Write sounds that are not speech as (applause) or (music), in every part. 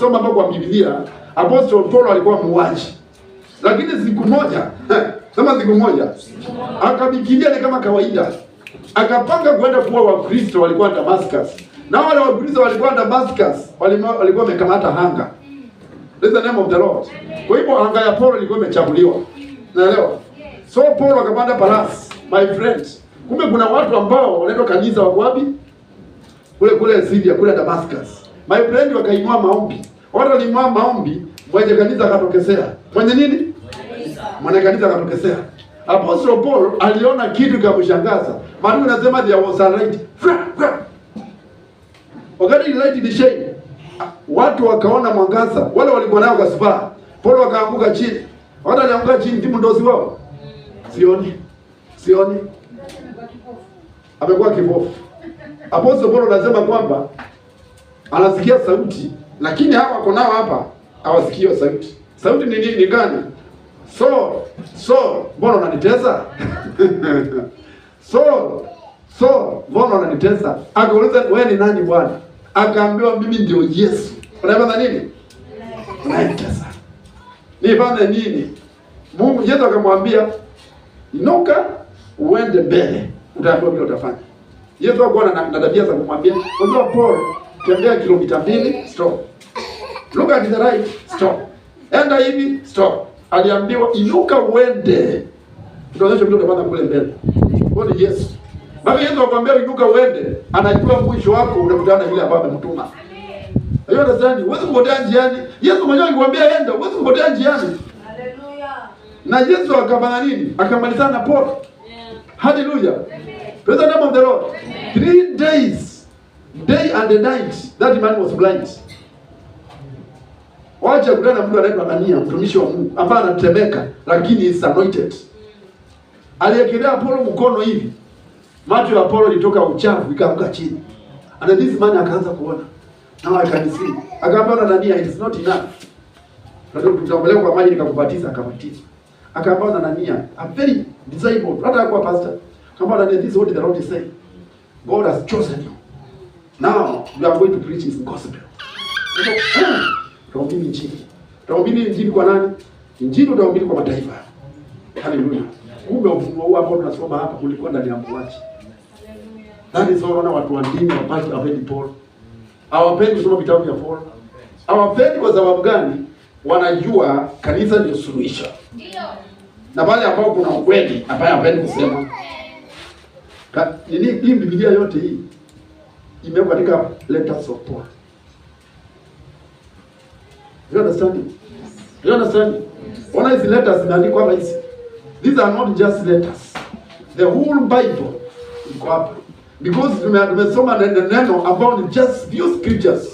Soma hapo kwa Biblia, Apostle Paulo alikuwa muuaji. Lakini siku moja, (laughs) sema siku moja, akabikilia ni kama kawaida. Akapanga kwenda kuwa Wakristo walikuwa Damascus. Na wale Wakristo walikuwa Damascus, walikuwa wamekamata hanga. This is the name of the Lord. Kwa hivyo hanga ya Paulo ilikuwa imechaguliwa. Naelewa? So Paulo akapanda parasi, my friend. Kumbe kuna watu ambao wanaenda kanisa wapi? Kule kule Syria, kule Damascus my friend wakainua maombi. Watu walinua maombi, mwenye kanisa akatokezea. Mwenye nini? Mwenye kanisa akatokezea. Apostle Paul aliona kitu kikamshangaza. Maana unasema there was a light. Wakati light ilishine, watu wakaona mwangaza. Wale walikuwa nao kwa sifa. Paul akaanguka chini. Watu walianguka chini, timu ndosi wao. Sioni. Sioni. Amekuwa kipofu. Apostle Paul anasema kwamba anasikia sauti, lakini hawa wako nao hapa hawasikii sauti. Sauti ni nini? gani? So, so, mbona unanitesa? (laughs) so, so, mbona unanitesa? Akauliza, wewe ni nani Bwana? Akaambiwa, mimi ndio Yesu. Unaipata nini? Unaitesa nipate nini? Mungu Yesu akamwambia, inuka uende mbele, utaambiwa kile utafanya. Yesu akuwa na tabia za kumwambia, unajua Paul tembea kilomita mbili, stop. Look at the right, stop. Enda hivi, stop. Aliambiwa inuka uende. Tunaonyesha mtu kapanda kule mbele. Bwana yes. Baba Yesu akwambia inuka uende, anajua mwisho wako unakutana na yule ambaye amemtuma. Hiyo nadhani wewe kupotea njiani. Yesu mwenyewe alikwambia enda, wewe kupotea njiani. Haleluya. Na Yesu akafanya nini? Akamalizana na Paul. Yeah. Haleluya. Praise the name of the Lord. Amen. Three days Day and the night that man was blind. Waje kuna na mtu anaitwa Anania, mtumishi wa Mungu ambaye anatemeka lakini is anointed. Aliyekelea Apollo mkono hivi. Macho ya Apollo ilitoka uchafu ikaanguka chini. And this man akaanza kuona. Now I can see. Akaambia Anania, it is not enough. Ndio tutakuelekea kwa maji nikakubatiza akabatiza. Akaambia Anania, a very disciple, Hata kwa pastor. Akaambia Anania, this is what the Lord is saying. God has chosen you. Now we are going to preach his gospel. injili. injili kwa nani? Injili utahubiri kwa mataifa. Haleluya. Kumbe ufunuo huu ambao tunasoma hapa ndani ya That is all. Watu wa dini wapaki hawapendi Paul, hawapendi kusoma vitabu vya Paul, hawapendi kwa sababu gani? Wanajua kanisa ndio suluhisho, na pale ambapo kuna ukweli kusema nini. Hii Biblia yote hii imewekwa katika letters of power. You understand? You understand? Ona hizi letters zinaandikwa hapa hizi. These are not just letters. The whole Bible iko hapa. Because tumesoma neno ambao ni just few scriptures.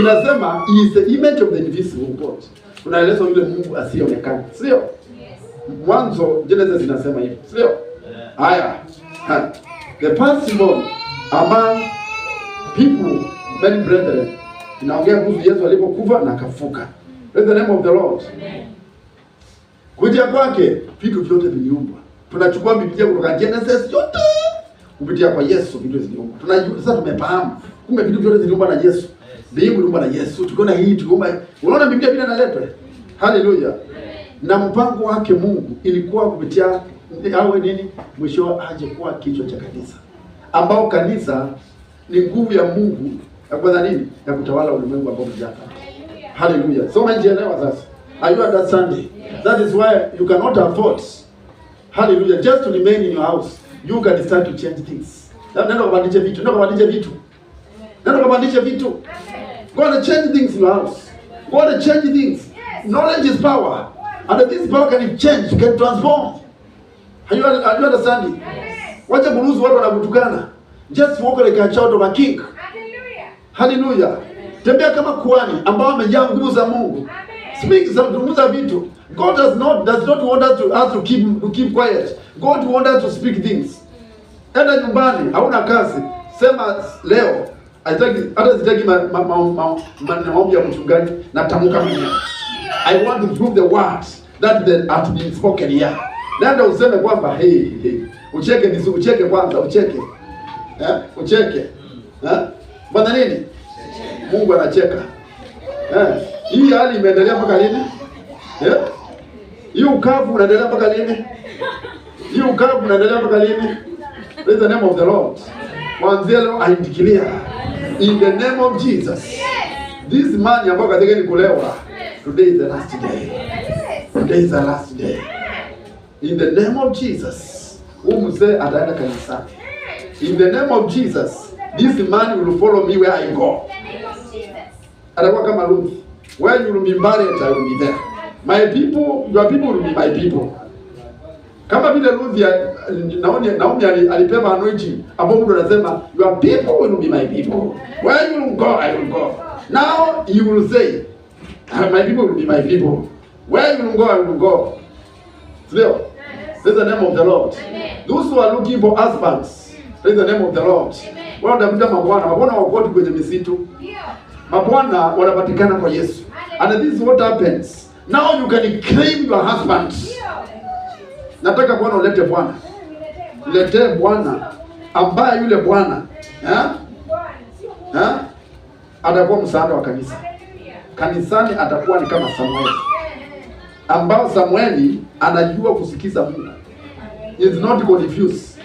Inasema he is the image of the invisible God. Unaelezwa yule Mungu asiyeonekana. Sio? Yes. Mwanzo Genesis inasema hivi. Sio? Haya. Yeah. The firstborn among people many brethren inaongea kuhusu Yesu alipokufa na akafuka. Praise the name of the Lord. Amen. Kuja kwake vitu vyote viliumbwa. Tunachukua Biblia kutoka Genesis yote kupitia kwa Yesu vitu ziliumbwa. Tunajua sasa, tumefahamu kumbe vitu vyote ziliumbwa na Yesu. Mbingu iliumbwa na Yesu. Tukiona hii tukiomba. Unaona Biblia bila naletwa. Haleluya. Na mpango wake Mungu ilikuwa kupitia awe nini? Mwisho aje kuwa kichwa cha kanisa ambao kanisa ni nguvu ya Mungu ya kufanya nini? Ya kutawala ulimwengu ambao mjaka. Haleluya. So unajielewa sasa? Are you understanding? Yes. That is why you cannot afford. Haleluya. Just to remain in your house. You can start to change things. Nenda kubadilisha vitu. Nenda kubadilisha vitu. Nenda kubadilisha vitu. Go and change things in your house. Go and change things. Knowledge is power. And this power can change, can transform. Are you, are you understanding? Yes. Wacha buruzu watu wanakutukana. Just walk like a child of a king. Hallelujah. Tembea kama kuhani ambao amejaa nguvu za Mungu. Speak za kuzungumza vitu. God does not does not want us to us to keep to keep quiet. God want us to speak things. Enda nyumbani, hauna kazi, sema leo Haitaki hata sitaki maombi ma, ma, ma, ma, ya mchungaji natamka mwenyewe. I want to prove the words that the has been spoken here. Nenda useme kwamba hey, hey. Ucheke nisu ucheke kwanza ucheke eh? Ucheke hmm. eh? mbona nini, Mungu anacheka eh? Hii hali imeendelea mpaka lini eh? Hii ukavu unaendelea mpaka lini? Hii ukavu unaendelea mpaka lini? Praise the name of the Lord. Mwanzie leo I declare in the name of Jesus. This man ambaye katika ni kulewa. Today is the last day. Today is the last day. In the name of Jesus. Huyu mzee ataenda kanisani. In the name of Jesus, this man will follow me where I go. Atakuwa kama Ruth. When you will be married, I will be there. My people, your people will be my people. Kama vile Ruth ya Naomi, Naomi alipewa anointing ambapo Mungu anasema your people will be my people. Where you will go, I will go. Now you will say ah, my people will be my people. Where you will go, I will go. Still, this is the name of the Lord. Amen. Those who are looking for husbands, Praise the name of the Lord. Wao watakuta mabwana, mabwana wakote kwenye misitu. Ndio. Mabwana wanapatikana kwa Yesu. And this is what happens. Now you can claim your husband. Ndio. Nataka bwana ulete bwana. Lete bwana ambaye yule bwana eh? Eh? Atakuwa msaada wa kanisa. Kanisani atakuwa ni kama Samueli ambao Samueli anajua kusikiza Mungu. He is not confused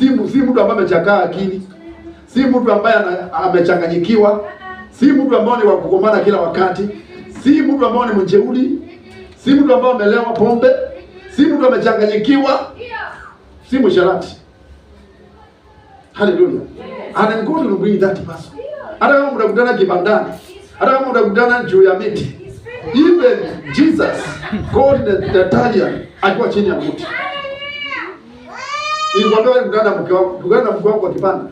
si, si mtu ambaye amechakaa akili, si mtu ambaye amechanganyikiwa, si mtu ambaye ni wa wakugombana kila wakati, si mtu ambaye ni mjeuri, si mtu ambaye amelewa pombe, si mtu amechanganyikiwa, si msharati. Haleluya! ana God ndugu bring that person. Hata kama mtakutana kibandani, hata kama mtakutana juu ya miti, even Jesus called the Italian akiwa chini ya mti ili kwambia wewe mkutana mke wako, tukana na mke wako kwa kibanda.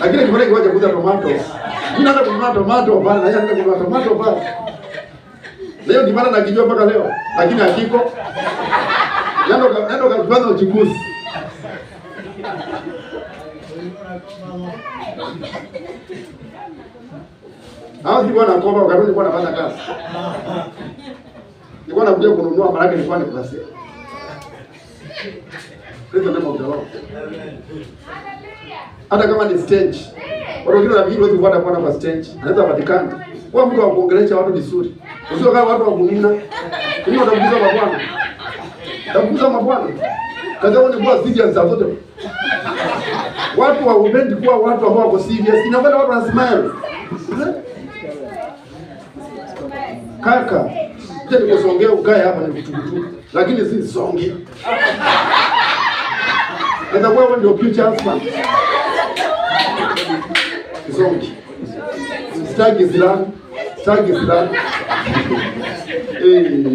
Lakini kibanda kiwaje kuja tomato. Mimi nataka kununua tomato pale, yeye anataka kununua tomato pale. Leo kibanda nakijua mpaka leo, lakini hakiko. Nenda nenda kwa kibanda uchunguzi. Hao si bwana akoma wakati ni bwana fanya kazi. Ni bwana kuja kununua, maraki ni kwani kwa sasa. Praise the name of the Lord. Hata kama ni stage. Watu wengine wanafikiri wewe kufuata kwa nafasi stage. Anaweza patikana. Kwa mtu wa kuongelea watu vizuri. Usio kama watu wa kunina. Ni watu wa Bwana. mabwana. Takuza Bwana. Kaza ni kwa serious za zote. Watu wa ubendi kuwa watu ambao wako serious. Inafanya watu smile. Kaka, tena nikusongea ukae hapa vitu vitu. Lakini si songi nitakuwa wewe ndio future husband. Zongi. Sitaki silaha. Sitaki silaha. Eh.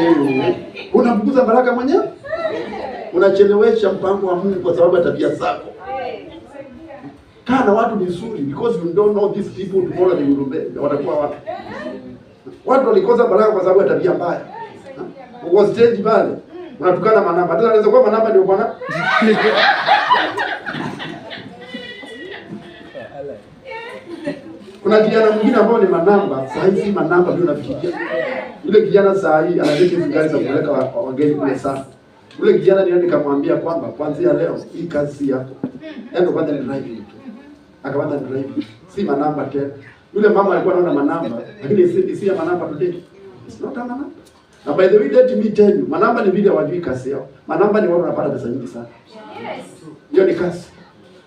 Eh. Unamkuza baraka mwenyewe? Unachelewesha mpango wa Mungu kwa sababu ya tabia zako. Kaa na watu vizuri because you don't know these people tomorrow they will be watakuwa wapi? Watu walikosa baraka kwa sababu ya tabia mbaya. Uko stage pale unatukana manamba. Tena anaweza kuwa manamba ndio bwana. Kuna kijana mwingine ambao ni manamba, saa hizi manamba ndio unafikia. Yule kijana saa hii anaweka hizo gari za kupeleka wageni kule sana. Yule kijana ndio nikamwambia kwamba kuanzia leo hii kazi yako. Yaani kwanza ni drive tu. ni drive. Si manamba tena. Yule mama alikuwa anaona manamba, lakini si si ya manamba today. It's not a manamba. Na by the way let me tell you, manamba ni vile wajui kasi yao. Manamba ni wao wanapata pesa nyingi sana. Yes. Hiyo ni kasi.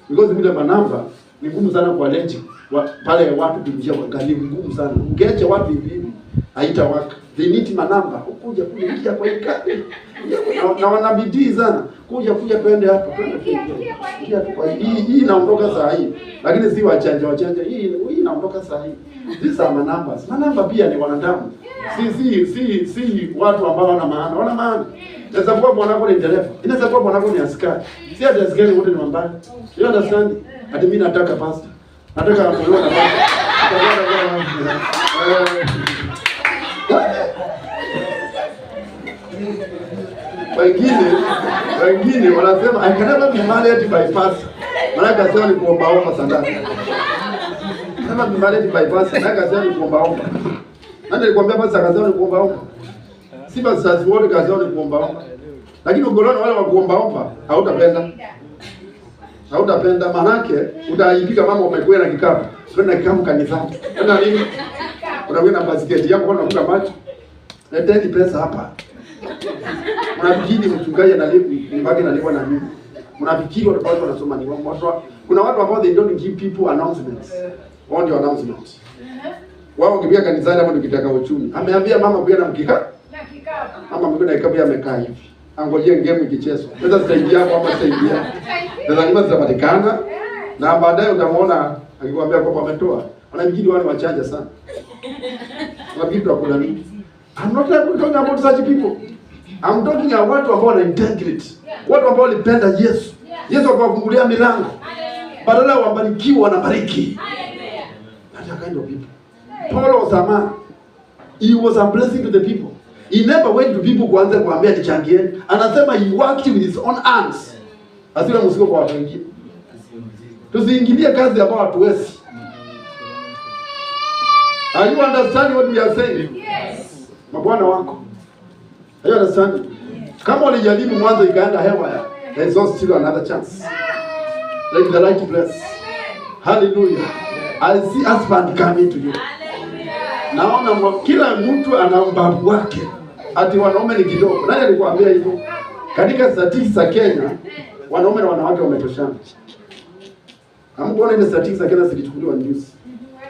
Because vile manamba ni ngumu sana kwa leji. Wa, pale watu kuingia wangali ngumu sana. Ungeacha watu hivi hivi haitawaka. Viniti Manamba hukuja kuja kwa ikani na, na wana sana kuja kuja twende hapa twende. Hii hii inaondoka saa hii, lakini si wachanja wachanja. Hii hii inaondoka saa hii, these are Manambas. Manamba pia ni wanadamu, si si si si watu ambao wana maana, wana maana. Inaweza kuwa mwanako ni dereva, inaweza kuwa mwanako ni askari, si hata askari wote ni wambaya. You understand? Hadi mimi nataka pasta, nataka kuolewa na pasta. Wengine wengine wanasema I can never be married by pass. Maana kasema ni kuomba omba sana. Kama ni married by pass, maana kasema ni kuomba omba. Nani alikwambia basi akasema ni kuomba omba? Si basi sasa wote kasema ni kuomba omba. Lakini ugoroni wale wa kuomba omba hautapenda. Hautapenda manake utaipika mama umekuwa na kikapu. Sio na kikapu kanisa. Kwenda nini? na basket yako unakuta macho. Leteni pesa hapa. Mnafikiri mchungaji analimbaki analipwa na mimi? Mnafikiri watu ambao wanasoma ni watu kuna watu ambao they don't give people announcements. Wao ndio announcement. Wao ngimbia kanisani hapo nikitaka uchumi. Ameambia mama pia na mkika. Na Mama mkika na kikapu amekaa hivi. Angojea ngemu ikichezwa. Pesa zitaingia hapo ama zitaingia. Na lazima zitapatikana. Na baadaye utamwona akikwambia kwamba ametoa. Wanafikiri wale wachanja sana. (laughs) Wanafikiri tunakula nini? I'm not talking about such people. I'm talking about watu ambao wana integrity. Watu ambao walipenda Yesu. Yesu akawafungulia milango. Badala wabarikiwa wanabariki. That kind of people. Paul was a man. He was a blessing to the people. He never went to people kuanza kuambia nichangie. Anasema he worked with his own hands. Asira msiko kwa watu wengine. Tusiingilie kazi ambao hatuwezi. Are you understanding what we are saying? Yes mabwana wako hiyo understand. Kama ulijaribu mwanzo ikaenda hewa ya there is still another chance like the right place. Hallelujah, I see husband coming to you. Naona kila mtu ana mbabu wake, ati wanaume ni kidogo. Nani alikwambia hivyo? Katika statiki za Kenya wanaume na wanawake wametoshana. Hamkuona ile statiki za Kenya zilichukuliwa news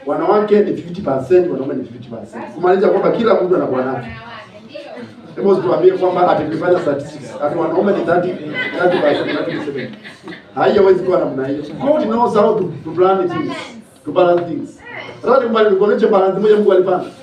wanawake ni 50%, wanaume ni 50%. Kumaanisha kwamba kila mtu ana bwanake. Hebu tuambie kwamba atakifanya statistics. Ati wanaume ni 30, 30%. Haiyawezi kuwa namna hiyo. God knows how to, to plan things, to balance things. Sasa ni mbali nikuoneshe balance moja Mungu alipanga.